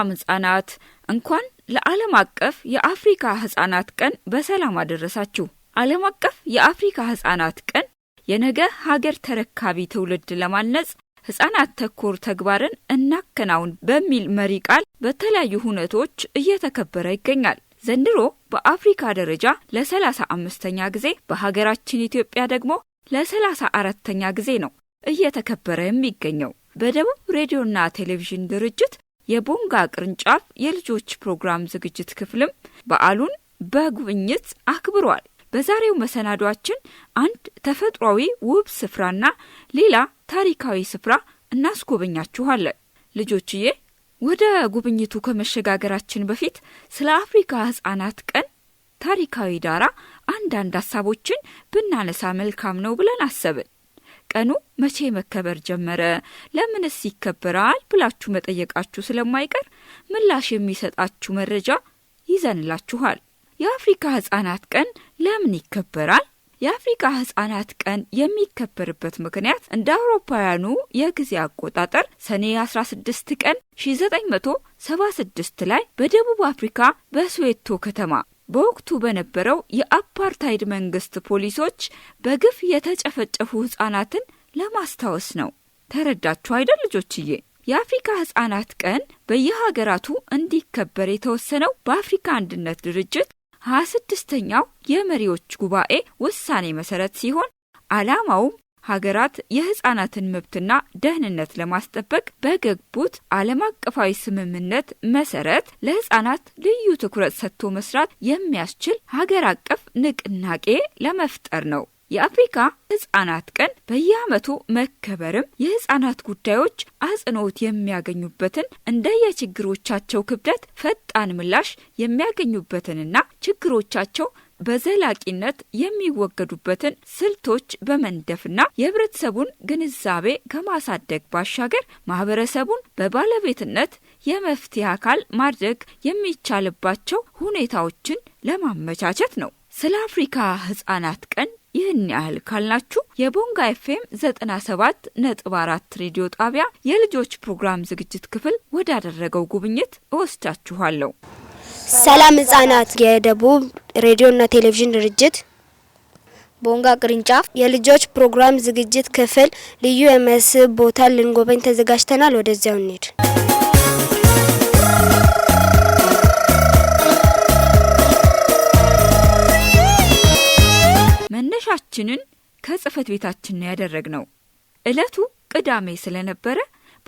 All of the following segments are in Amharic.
ሰላም ህጻናት እንኳን ለዓለም አቀፍ የአፍሪካ ህጻናት ቀን በሰላም አደረሳችሁ። ዓለም አቀፍ የአፍሪካ ህጻናት ቀን የነገ ሀገር ተረካቢ ትውልድ ለማነጽ ህጻናት ተኮር ተግባርን እናከናውን በሚል መሪ ቃል በተለያዩ ሁነቶች እየተከበረ ይገኛል። ዘንድሮ በአፍሪካ ደረጃ ለሰላሳ አምስተኛ ጊዜ በሀገራችን ኢትዮጵያ ደግሞ ለሰላሳ አራተኛ ጊዜ ነው እየተከበረ የሚገኘው። በደቡብ ሬዲዮና ቴሌቪዥን ድርጅት የቦንጋ ቅርንጫፍ የልጆች ፕሮግራም ዝግጅት ክፍልም በዓሉን በጉብኝት አክብሯል። በዛሬው መሰናዷችን አንድ ተፈጥሯዊ ውብ ስፍራና ሌላ ታሪካዊ ስፍራ እናስጎበኛችኋለን። ልጆችዬ ወደ ጉብኝቱ ከመሸጋገራችን በፊት ስለ አፍሪካ ሕጻናት ቀን ታሪካዊ ዳራ አንዳንድ ሀሳቦችን ብናነሳ መልካም ነው ብለን አሰብን። ቀኑ መቼ መከበር ጀመረ፣ ለምንስ ይከበራል ብላችሁ መጠየቃችሁ ስለማይቀር ምላሽ የሚሰጣችሁ መረጃ ይዘንላችኋል። የአፍሪካ ህጻናት ቀን ለምን ይከበራል? የአፍሪካ ህጻናት ቀን የሚከበርበት ምክንያት እንደ አውሮፓውያኑ የጊዜ አቆጣጠር ሰኔ 16 ቀን 1976 ላይ በደቡብ አፍሪካ በስዌቶ ከተማ በወቅቱ በነበረው የአፓርታይድ መንግስት ፖሊሶች በግፍ የተጨፈጨፉ ህጻናትን ለማስታወስ ነው። ተረዳችሁ አይደል ልጆችዬ? የአፍሪካ ህጻናት ቀን በየሀገራቱ እንዲከበር የተወሰነው በአፍሪካ አንድነት ድርጅት 26ኛው የመሪዎች ጉባኤ ውሳኔ መሰረት ሲሆን አላማውም ሀገራት የህጻናትን መብትና ደህንነት ለማስጠበቅ በገቡት ዓለም አቀፋዊ ስምምነት መሰረት ለህጻናት ልዩ ትኩረት ሰጥቶ መስራት የሚያስችል ሀገር አቀፍ ንቅናቄ ለመፍጠር ነው። የአፍሪካ ህጻናት ቀን በየዓመቱ መከበርም የህጻናት ጉዳዮች አጽንኦት የሚያገኙበትን እንደየችግሮቻቸው ክብደት ፈጣን ምላሽ የሚያገኙበትንና ችግሮቻቸው በዘላቂነት የሚወገዱበትን ስልቶች በመንደፍና የህብረተሰቡን ግንዛቤ ከማሳደግ ባሻገር ማህበረሰቡን በባለቤትነት የመፍትሄ አካል ማድረግ የሚቻልባቸው ሁኔታዎችን ለማመቻቸት ነው። ስለ አፍሪካ ህጻናት ቀን ይህን ያህል ካልናችሁ የቦንጋ ኤፍኤም 97 ነጥብ 4 ሬዲዮ ጣቢያ የልጆች ፕሮግራም ዝግጅት ክፍል ወዳደረገው ጉብኝት እወስዳችኋለሁ። ሰላም ህጻናት የደቡብ ሬዲዮና ቴሌቪዥን ድርጅት ቦንጋ ቅርንጫፍ የልጆች ፕሮግራም ዝግጅት ክፍል ልዩ የመስህብ ቦታ ልንጎበኝ ተዘጋጅተናል። ወደዚያው እንሄድ። መነሻችንን ከጽህፈት ቤታችን ነው እለቱ ቅዳሜ ስለነበረ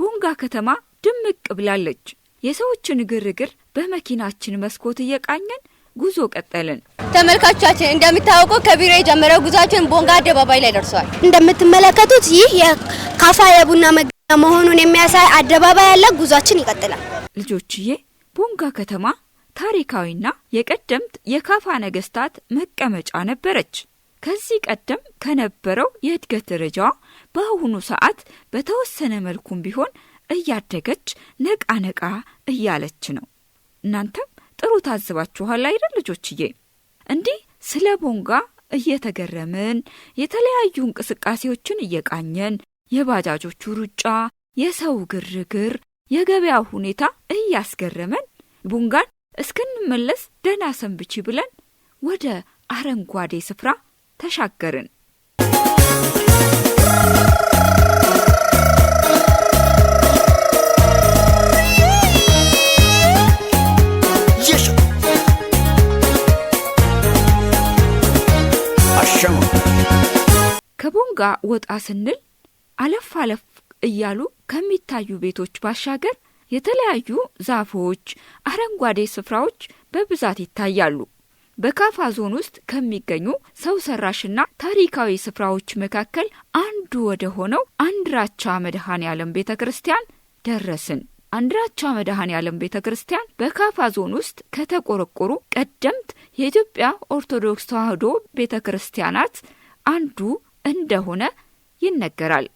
ቦንጋ ከተማ ድምቅ ብላለች። የሰዎችን ግርግር በመኪናችን መስኮት እየቃኘን ጉዞ ቀጠልን። ተመልካቾቻችን እንደሚታወቀው ከቢሮ የጀመረው ጉዟችን ቦንጋ አደባባይ ላይ ደርሷል። እንደምትመለከቱት ይህ የካፋ የቡና መገኛ መሆኑን የሚያሳይ አደባባይ ያለ ጉዟችን ይቀጥላል። ልጆችዬ ቦንጋ ከተማ ታሪካዊና የቀደምት የካፋ ነገስታት መቀመጫ ነበረች። ከዚህ ቀደም ከነበረው የእድገት ደረጃዋ በአሁኑ ሰዓት በተወሰነ መልኩም ቢሆን እያደገች ነቃ ነቃ እያለች ነው። እናንተም ጥሩ ታዝባችኋል አይደል ልጆችዬ? እንዲህ ስለ ቦንጋ እየተገረምን የተለያዩ እንቅስቃሴዎችን እየቃኘን የባጃጆቹ ሩጫ፣ የሰው ግርግር፣ የገበያው ሁኔታ እያስገረመን ቦንጋን እስክንመለስ ደና ሰንብቺ ብለን ወደ አረንጓዴ ስፍራ ተሻገርን። ጋር ወጣ ስንል አለፍ አለፍ እያሉ ከሚታዩ ቤቶች ባሻገር የተለያዩ ዛፎች፣ አረንጓዴ ስፍራዎች በብዛት ይታያሉ። በካፋ ዞን ውስጥ ከሚገኙ ሰው ሰራሽና ታሪካዊ ስፍራዎች መካከል አንዱ ወደ ሆነው አንድራቻ መድኃኔ ዓለም ቤተ ክርስቲያን ደረስን። አንድራቻ መድኃኔ ዓለም ቤተ ክርስቲያን በካፋ ዞን ውስጥ ከተቆረቆሩ ቀደምት የኢትዮጵያ ኦርቶዶክስ ተዋሕዶ ቤተ ክርስቲያናት አንዱ እንደሆነ ይነገራል።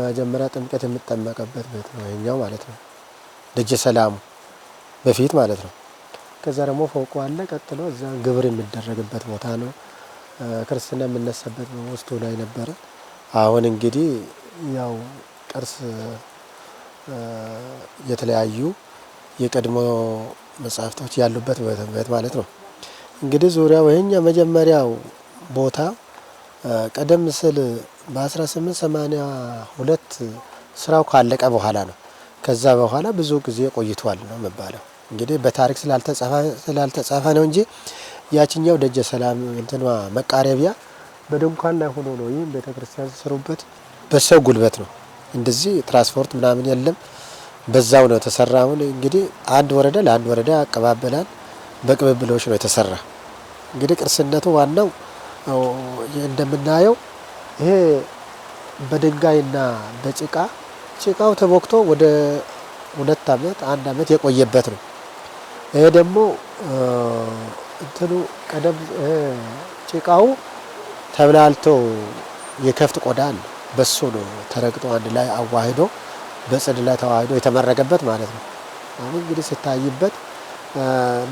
መጀመሪያ ጥምቀት የምጠመቀበት ቤት ነው ይኛው ማለት ነው። ደጀ ሰላሙ በፊት ማለት ነው። ከዛ ደግሞ ፎቁ አለ። ቀጥሎ እዛ ግብር የሚደረግበት ቦታ ነው። ክርስትና የምነሳበት ውስጡ ላይ ነበረ። አሁን እንግዲህ ያው ቅርስ የተለያዩ የቀድሞ መጽሐፍቶች ያሉበት ቤት ማለት ነው። እንግዲህ ዙሪያው ይህኛ መጀመሪያው ቦታ ቀደም ስል በ1882 ስራው ካለቀ በኋላ ነው። ከዛ በኋላ ብዙ ጊዜ ቆይቷል ነው የሚባለው። እንግዲህ በታሪክ ስላልተጻፈ ነው እንጂ ያችኛው ደጀ ሰላም እንትኗ መቃረቢያ በድንኳን ላይ ሆኖ ነው። ይህም ክርስቲያን ሲሰሩበት በሰው ጉልበት ነው። እንደዚህ ትራንስፖርት ምናምን የለም። በዛው ነው የተሰራውን። እንግዲህ አንድ ወረዳ ለአንድ ወረዳ ያቀባበላል። በቅብብሎች ነው የተሰራ። እንግዲህ ቅርስነቱ ዋናው እንደምናየው ይሄ በድንጋይና በጭቃ ጭቃው ተቦክቶ ወደ ሁለት ዓመት አንድ ዓመት የቆየበት ነው። ይሄ ደግሞ እንትኑ ቀደም ጭቃው ተብላልቶ የከፍት ቆዳ አለ በሱ ነው ተረግጦ አንድ ላይ አዋህዶ በጽድ ላይ ተዋህዶ የተመረገበት ማለት ነው። አሁን እንግዲህ ስታይበት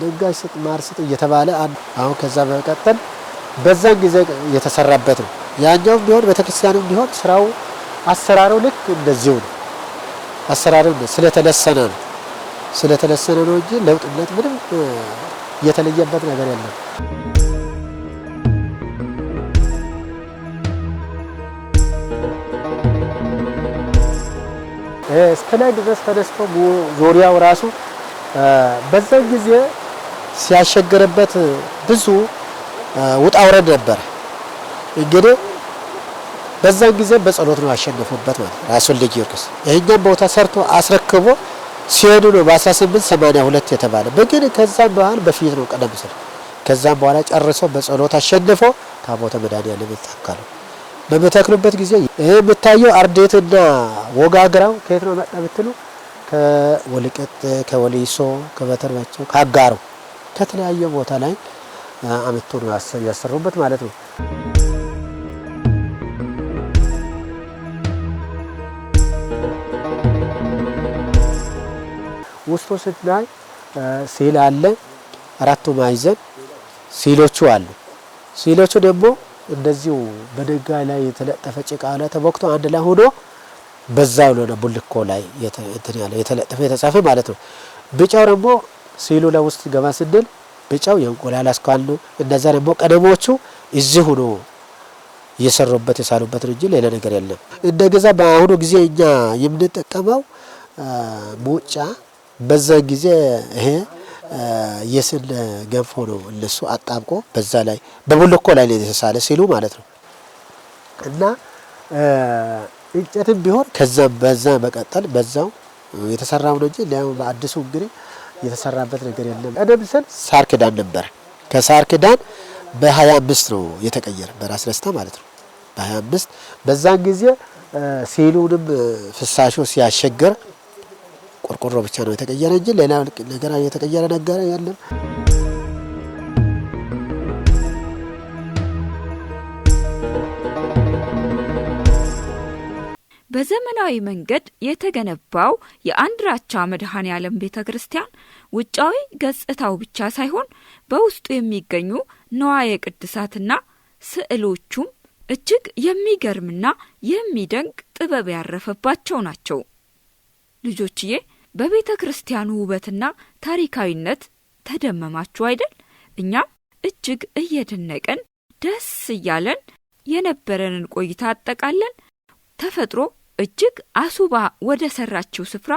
ድንጋይ ስጥ ማር ስጥ እየተባለ አሁን ከዛ በመቀጠል በዛን ጊዜ የተሰራበት ነው። ያኛውም ቢሆን ቤተክርስቲያንም ቢሆን ስራው አሰራሩ ልክ እንደዚሁ ነው። አሰራሩ ስለተለሰነ ነው ስለተለሰነ ነው እንጂ ለውጥነት ምንም የተለየበት ነገር የለም። እስከ ላይ ድረስ ተነስቶ ዙሪያው ራሱ በዛን ጊዜ ሲያሸገርበት ብዙ ውጣ ውረድ ነበረ። እንግዲህ በዛን ጊዜ በጸሎት ነው ያሸነፉበት ማለት ራስ ወልደ ጊዮርጊስ ይህኛም ቦታ ሰርቶ አስረክቦ ሲሄዱ ነው በ1882 የተባለ በግን ከዛም በኋላ በፊት ነው ቀደም ሲል ከዛም በኋላ ጨርሶ በጸሎት አሸንፎ ታቦተ መድኃኔዓለም የተካሉ በምተክሉበት ጊዜ ይህ የምታየው አርዴትና ወጋግራው ከየት ነው መጣ ብትሉ ከወልቂጤ ከወሊሶ ከበተርባቸው ከአጋሩ ከተለያየ ቦታ ላይ አመቶ ነው ያሰሩበት ማለት ነው። ውስጡ ስናይ ሲል አለ። አራቱ ማዕዘን ሲሎቹ አሉ። ሲሎቹ ደግሞ እንደዚሁ በድንጋይ ላይ የተለጠፈ ጭቃ ላይ ተቦክቶ አንድ ላይ ሆኖ በዛ ብሎ ቡልኮ ላይ የተለጠፈ የተጻፈ ማለት ነው። ቢጫው ደግሞ ሲሉ ለውስጥ ገባ ስንል ቢጫው የእንቁላል አስኳል ነው። እነዛ ደግሞ ቀደሞቹ እዚሁ ነው እየሰሩበት የሳሉበት እንጂ ሌላ ነገር የለም። እንደገዛ በአሁኑ ጊዜ እኛ የምንጠቀመው ሙጫ፣ በዛን ጊዜ ይሄ የስን ገንፎ ነው እነሱ አጣብቆ በዛ ላይ በሞለኮ ላይ የተሳለ ሲሉ ማለት ነው እና እንጨትም ቢሆን ከዛ በዛ መቀጠል በዛው የተሰራው ነው እንጂ በአዲሱ እንግዲህ የተሰራበት ነገር የለም። ቀደም ስል ሳር ክዳን ነበር። ከሳር ክዳን በ25 ነው የተቀየረ በራስ ደስታ ማለት ነው። በ25 በዛን ጊዜ ሲሉንም ፍሳሹ ሲያሸገር ቆርቆሮ ብቻ ነው የተቀየረ እንጂ ሌላ ነገር የተቀየረ ነገር የለም። በዘመናዊ መንገድ የተገነባው የአንድ ራቻ መድኃኔ ዓለም ቤተ ክርስቲያን ውጫዊ ገጽታው ብቻ ሳይሆን በውስጡ የሚገኙ ንዋየ ቅድሳትና ስዕሎቹም እጅግ የሚገርምና የሚደንቅ ጥበብ ያረፈባቸው ናቸው። ልጆችዬ በቤተ ክርስቲያኑ ውበትና ታሪካዊነት ተደመማችሁ አይደል? እኛም እጅግ እየደነቀን ደስ እያለን የነበረንን ቆይታ አጠቃለን። ተፈጥሮ እጅግ አሱባ ወደ ሰራችው ስፍራ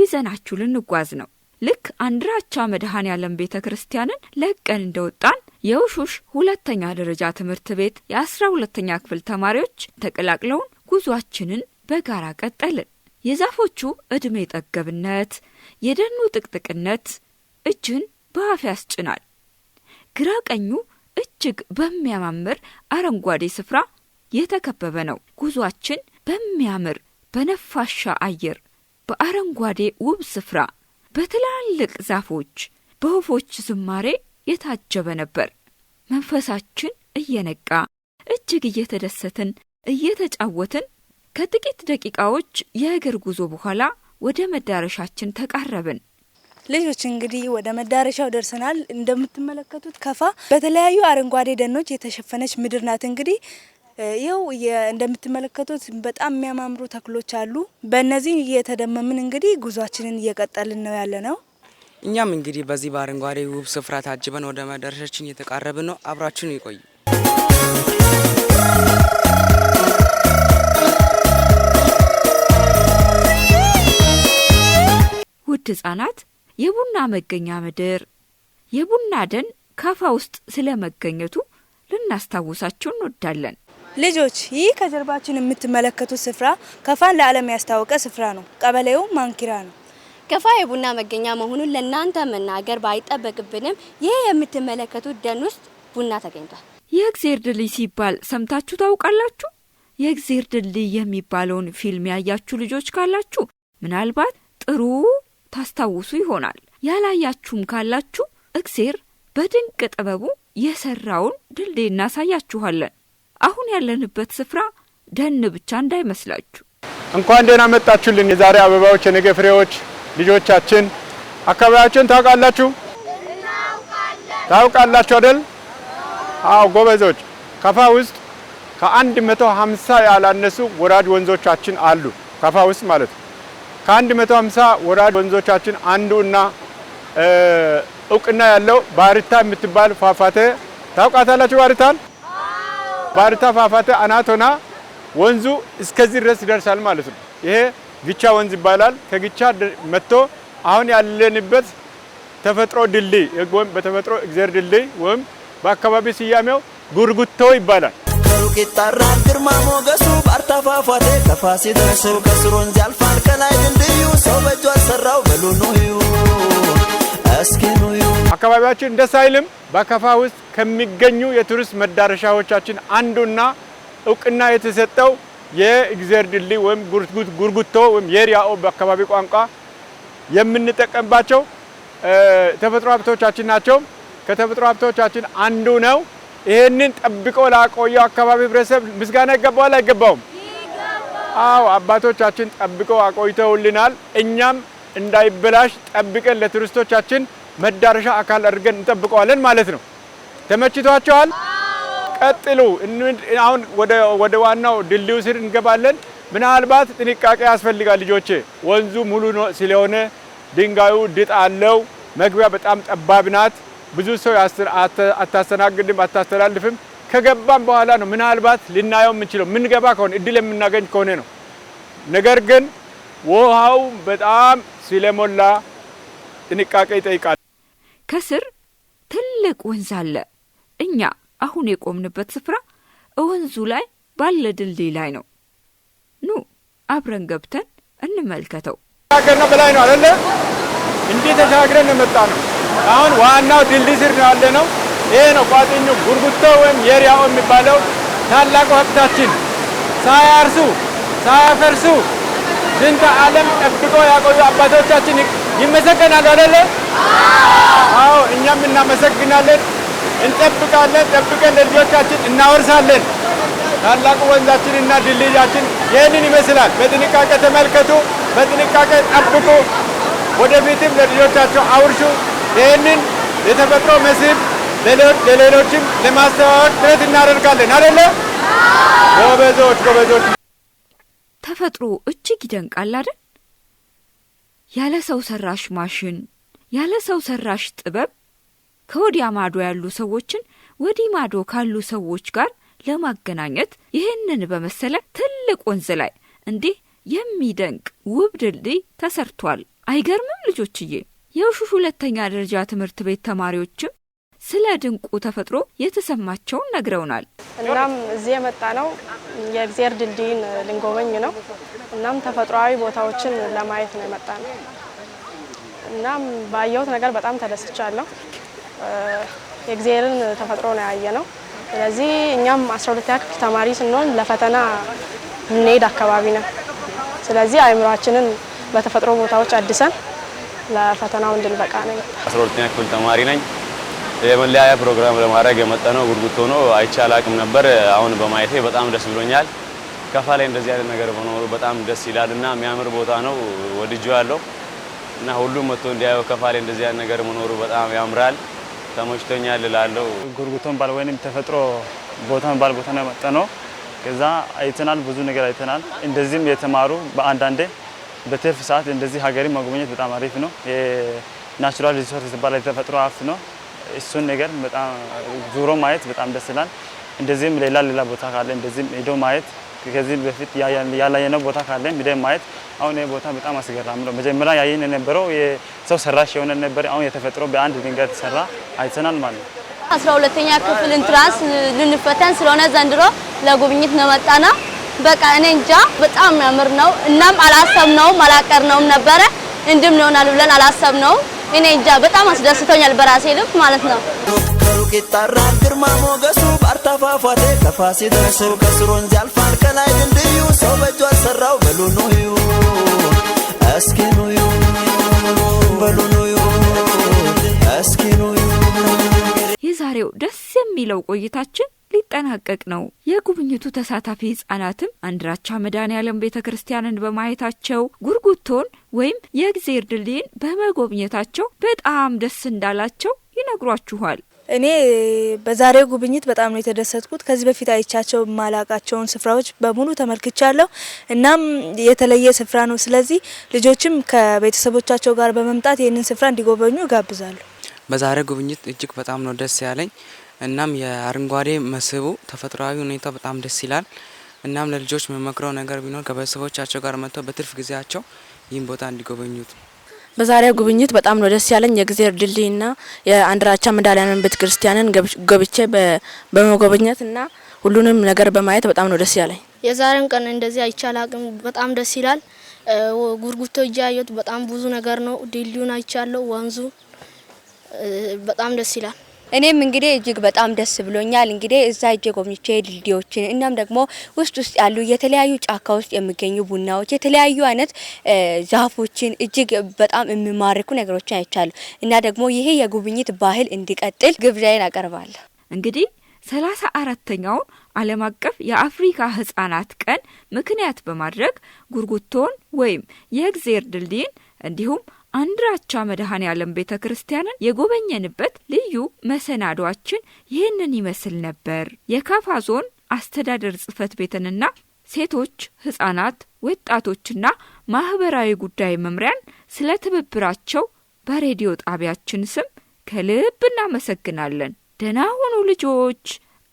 ይዘናችሁ ልንጓዝ ነው። ልክ አንድራቻ መድሃን ዓለም ቤተ ክርስቲያንን ለቀን እንደወጣን የውሹሽ ሁለተኛ ደረጃ ትምህርት ቤት የአስራ ሁለተኛ ክፍል ተማሪዎች ተቀላቅለውን ጉዟችንን በጋራ ቀጠልን። የዛፎቹ ዕድሜ ጠገብነት፣ የደኑ ጥቅጥቅነት እጅን በአፍ ያስጭናል። ግራ ቀኙ እጅግ በሚያማምር አረንጓዴ ስፍራ የተከበበ ነው። ጉዟችን በሚያምር በነፋሻ አየር በአረንጓዴ ውብ ስፍራ በትላልቅ ዛፎች በወፎች ዝማሬ የታጀበ ነበር። መንፈሳችን እየነቃ እጅግ እየተደሰትን እየተጫወትን ከጥቂት ደቂቃዎች የእግር ጉዞ በኋላ ወደ መዳረሻችን ተቃረብን። ልጆች እንግዲህ ወደ መዳረሻው ደርሰናል። እንደምትመለከቱት ከፋ በተለያዩ አረንጓዴ ደኖች የተሸፈነች ምድር ናት። እንግዲህ ይኸው እንደምትመለከቱት በጣም የሚያማምሩ ተክሎች አሉ። በእነዚህ እየተደመምን እንግዲህ ጉዟችንን እየቀጠልን ነው ያለ ነው። እኛም እንግዲህ በዚህ በአረንጓዴ ውብ ስፍራ ታጅበን ወደ መደረሻችን እየተቃረብን ነው። አብራችን ይቆዩ። ውድ ህጻናት፣ የቡና መገኛ ምድር የቡና ደን ካፋ ውስጥ ስለመገኘቱ ልናስታውሳችሁ እንወዳለን። ልጆች ይህ ከጀርባችን የምትመለከቱት ስፍራ ከፋን ለዓለም ያስታወቀ ስፍራ ነው። ቀበሌውም ማንኪራ ነው። ከፋ የቡና መገኛ መሆኑን ለእናንተ መናገር ባይጠበቅብንም ይህ የምትመለከቱት ደን ውስጥ ቡና ተገኝቷል። የእግዜር ድልድይ ሲባል ሰምታችሁ ታውቃላችሁ? የእግዜር ድልድይ የሚባለውን ፊልም ያያችሁ ልጆች ካላችሁ ምናልባት ጥሩ ታስታውሱ ይሆናል። ያላያችሁም ካላችሁ እግዜር በድንቅ ጥበቡ የሰራውን ድልድይ እናሳያችኋለን። አሁን ያለንበት ስፍራ ደን ብቻ እንዳይመስላችሁ። እንኳን ደህና መጣችሁልን። የዛሬ አበባዎች፣ የነገ ፍሬዎች ልጆቻችን። አካባቢያችን ታውቃላችሁ ታውቃላችሁ አደል አዎ ጎበዞች። ከፋ ውስጥ ከአንድ መቶ ሀምሳ ያላነሱ ወራጅ ወንዞቻችን አሉ። ከፋ ውስጥ ማለት ነው። ከአንድ መቶ ሀምሳ ወራጅ ወንዞቻችን አንዱ እና እውቅና ያለው ባሪታ የምትባል ፏፏቴ ታውቃታላችሁ ባሪታን ባርታ ፏፏቴ አናት ሆና ወንዙ እስከዚህ ድረስ ይደርሳል ማለት ነው። ይሄ ግቻ ወንዝ ይባላል። ከግቻ መጥቶ አሁን ያለንበት ተፈጥሮ ድልድይ ወይም በተፈጥሮ እግዜር ድልድይ ወይም በአካባቢ ስያሜው ጉርጉቶ ይባላል። ከሩቅ ይጣራል ግርማ ሞገሱ ባርታ ፏፏቴ ከፋሲ ደርሱ ከስር ወንዝ ያልፋል ከላይ ድልድዩ ሰው በእጁ አሰራው በሉኑ እዩ እስኪ አካባቢያችን ደስ አይልም? በከፋ ውስጥ ከሚገኙ የቱሪስት መዳረሻዎቻችን አንዱና እውቅና የተሰጠው የእግዜር ድልድይ ወይም ጉርጉቶ ወይም የሪያኦ በአካባቢ ቋንቋ የምንጠቀምባቸው ተፈጥሮ ሀብቶቻችን ናቸው። ከተፈጥሮ ሀብቶቻችን አንዱ ነው። ይሄንን ጠብቆ ላቆየው አካባቢ ህብረተሰብ ምስጋና ይገባዋል አይገባውም? አዎ አባቶቻችን ጠብቀው አቆይተውልናል። እኛም እንዳይበላሽ ጠብቀን ለቱሪስቶቻችን መዳረሻ አካል አድርገን እንጠብቀዋለን ማለት ነው። ተመችቷቸዋል። ቀጥሉ። አሁን ወደ ዋናው ድልድዩ ስር እንገባለን። ምናልባት ጥንቃቄ ያስፈልጋል ልጆቼ፣ ወንዙ ሙሉ ስለሆነ ድንጋዩ ድጥ አለው። መግቢያ በጣም ጠባብ ናት። ብዙ ሰው አታስተናግድም፣ አታስተላልፍም። ከገባም በኋላ ነው ምናልባት ልናየው የምንችለው የምንገባ ከሆነ እድል የምናገኝ ከሆነ ነው። ነገር ግን ውሃው በጣም ስለሞላ ጥንቃቄ ይጠይቃል። ከስር ትልቅ ወንዝ አለ። እኛ አሁን የቆምንበት ስፍራ ወንዙ ላይ ባለ ድልድይ ላይ ነው። ኑ አብረን ገብተን እንመልከተው። ተሻገርነው በላይ ነው አለ። እንዲህ ተሻግረን እንመጣ ነው። አሁን ዋናው ድልድይ ስር ነው ያለ ነው። ይሄ ነው ቋጥኙ ጉርጉቶ ወይም የሪያው የሚባለው ታላቁ ሀብታችን ሳያርሱ ሳያፈርሱ ዝንተ ዓለም ጠብቆ ያቆዩ አባቶቻችን ይመሰገናሉ አለ። አዎ እኛም እናመሰግናለን። እንጠብቃለን። ጠብቀን ለልጆቻችን እናወርሳለን። ታላቁ ወንዛችን እና ድልድያችን ይህንን ይመስላል። በጥንቃቄ ተመልከቱ፣ በጥንቃቄ ጠብቁ፣ ወደፊትም ለልጆቻቸው አውርሹ። ይህንን የተፈጥሮ መስህብ ለሌሎችም ለማስተዋወቅ ጥረት እናደርጋለን። አደለ? ጎበዞች ጎበዞች። ተፈጥሮ እጅግ ይደንቃል አይደል? ያለ ሰው ሰራሽ ማሽን ያለ ሰው ሰራሽ ጥበብ ከወዲያ ማዶ ያሉ ሰዎችን ወዲህ ማዶ ካሉ ሰዎች ጋር ለማገናኘት ይህንን በመሰለ ትልቅ ወንዝ ላይ እንዲህ የሚደንቅ ውብ ድልድይ ተሰርቷል። አይገርምም ልጆችዬ? የውሹሽ ሁለተኛ ደረጃ ትምህርት ቤት ተማሪዎችም ስለ ድንቁ ተፈጥሮ የተሰማቸውን ነግረውናል። እናም እዚህ የመጣ ነው የእግዜር ድልድይን ልንጎበኝ ነው። እናም ተፈጥሯዊ ቦታዎችን ለማየት ነው የመጣ ነው። እናም ባየሁት ነገር በጣም ተደስቻለሁ። የእግዚአብሔርን ተፈጥሮ ነው ያየ ነው። ስለዚህ እኛም አስራ ሁለተኛ ክፍል ተማሪ ስንሆን ለፈተና የምንሄድ አካባቢ ነው። ስለዚህ አእምሯችንን በተፈጥሮ ቦታዎች አድሰን ለፈተናው እንድንበቃ ነው። አስራ ሁለተኛ ክፍል ተማሪ ነኝ። የመለያያ ፕሮግራም ለማድረግ የመጠነው ነው። ጉርጉቶ ነው አይቻል አቅም ነበር። አሁን በማየቴ በጣም ደስ ብሎኛል። ከፋ ላይ እንደዚህ አይነት ነገር በኖሩ በጣም ደስ ይላል እና የሚያምር ቦታ ነው። ወድጄ ያለው እና ሁሉም መጥቶ እንዲያየው ከፋሌ እንደዚህ አይነት ነገር መኖሩ በጣም ያምራል፣ ተመችቶኛል እላለሁ። ጉርጉቶን ባል ወይም ተፈጥሮ ቦታን ባል ቦታ ነው መጠ ነው ከዛ አይተናል፣ ብዙ ነገር አይተናል። እንደዚህም የተማሩ በአንዳንዴ በትርፍ ሰዓት እንደዚህ ሀገሪ መጎብኘት በጣም አሪፍ ነው። የናቹራል ሪሶርስ የተባለ የተፈጥሮ ሀብት ነው። እሱን ነገር በጣም ዙሮ ማየት በጣም ደስ ይላል። እንደዚህም ሌላ ሌላ ቦታ ካለ እንደዚህም ሄዶ ማየት ከዚህ በፊት ያላየነው ቦታ ካለ ሄደን ማየት። አሁን ይህ ቦታ በጣም አስገራም ነው። መጀመሪያ ያየን የነበረው የሰው ሰራሽ የሆነ ነበር። አሁን የተፈጥሮ በአንድ ድንጋይ የተሰራ አይተናል ማለት ነው። አስራ ሁለተኛ ክፍል ኢንትራንስ ልንፈተን ስለሆነ ዘንድሮ ለጉብኝት ነው መጣ ነው። በቃ እኔ እንጃ በጣም የሚያምር ነው። እናም አላሰብነውም አላቀርነውም ነበረ እንድም ይሆናል ብለን አላሰብነውም። እኔ እንጃ በጣም አስደስቶኛል በራሴ ልክ ማለት ነው። ከሩቅ ይጣራል ግርማ ሞገሱ ባርታ ፏፏቴ ከፋሲለደሱ ከስሮን ዚያልፋ ከላይ ድልድዩ ሰው በእጁ አሰራው በሉ ኑዩ እስኪ ኑዩ በሉ ኑዩ እስኪ ኑዩ። የዛሬው ደስ የሚለው ቆይታችን ሊጠናቀቅ ነው። የጉብኝቱ ተሳታፊ ህጻናትም አንድራቻ መድኃኔዓለም ቤተ ክርስቲያንን በማየታቸው ጉርጉቶን ወይም የእግዜር ድልድይን በመጎብኘታቸው በጣም ደስ እንዳላቸው ይነግሯችኋል። እኔ በዛሬው ጉብኝት በጣም ነው የተደሰትኩት። ከዚህ በፊት አይቻቸው ማላቃቸውን ስፍራዎች በሙሉ ተመልክቻለሁ። እናም የተለየ ስፍራ ነው። ስለዚህ ልጆችም ከቤተሰቦቻቸው ጋር በመምጣት ይህንን ስፍራ እንዲጎበኙ እጋብዛለሁ። በዛሬው ጉብኝት እጅግ በጣም ነው ደስ ያለኝ። እናም የአረንጓዴ መስህቡ ተፈጥሯዊ ሁኔታ በጣም ደስ ይላል። እናም ለልጆች መመክረው ነገር ቢኖር ከቤተሰቦቻቸው ጋር መጥተው በትርፍ ጊዜያቸው ይህን ቦታ እንዲጎበኙት ነው። በዛሬው ጉብኝት በጣም ነው ደስ ያለኝ። የእግዜር ድልድይና የአንድራቻ መድኃኔዓለም ቤተ ክርስቲያንን ገብቼ በመጎብኘትና ሁሉንም ነገር በማየት በጣም ነው ደስ ያለኝ። የዛሬን ቀን እንደዚህ አይቻላቅም። በጣም ደስ ይላል። ጉርጉቶ እጃየት በጣም ብዙ ነገር ነው። ድልድዩን አይቻለሁ፣ ወንዙ በጣም ደስ ይላል። እኔም እንግዲህ እጅግ በጣም ደስ ብሎኛል። እንግዲህ እዛ እጅ ጎብኝቼ ድልድዮችን እናም ደግሞ ውስጥ ውስጥ ያሉ የተለያዩ ጫካ ውስጥ የሚገኙ ቡናዎች፣ የተለያዩ አይነት ዛፎችን እጅግ በጣም የሚማርኩ ነገሮችን አይቻሉ እና ደግሞ ይሄ የጉብኝት ባህል እንዲቀጥል ግብዣዬን አቀርባለሁ። እንግዲህ ሰላሳ አራተኛውን ዓለም አቀፍ የአፍሪካ ህጻናት ቀን ምክንያት በማድረግ ጉርጉቶን ወይም የእግዜር ድልድይን እንዲሁም አንድራቻ መድኃኔ ዓለም ቤተ ክርስቲያንን የጎበኘንበት ልዩ መሰናዷችን ይህንን ይመስል ነበር። የካፋ ዞን አስተዳደር ጽህፈት ቤትንና ሴቶች፣ ህጻናት ወጣቶችና ማኅበራዊ ጉዳይ መምሪያን ስለ ትብብራቸው በሬዲዮ ጣቢያችን ስም ከልብ እናመሰግናለን። ደህና ሁኑ ልጆች፣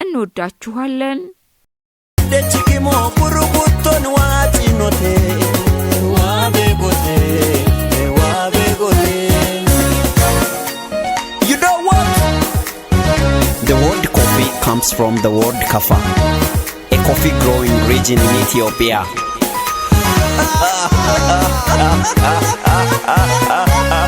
እንወዳችኋለን። ደችግሞ ቁርቁቶን ዋጢኖቴ ዋቤቦቴ The word coffee comes from the word kafa, a coffee growing region in Ethiopia.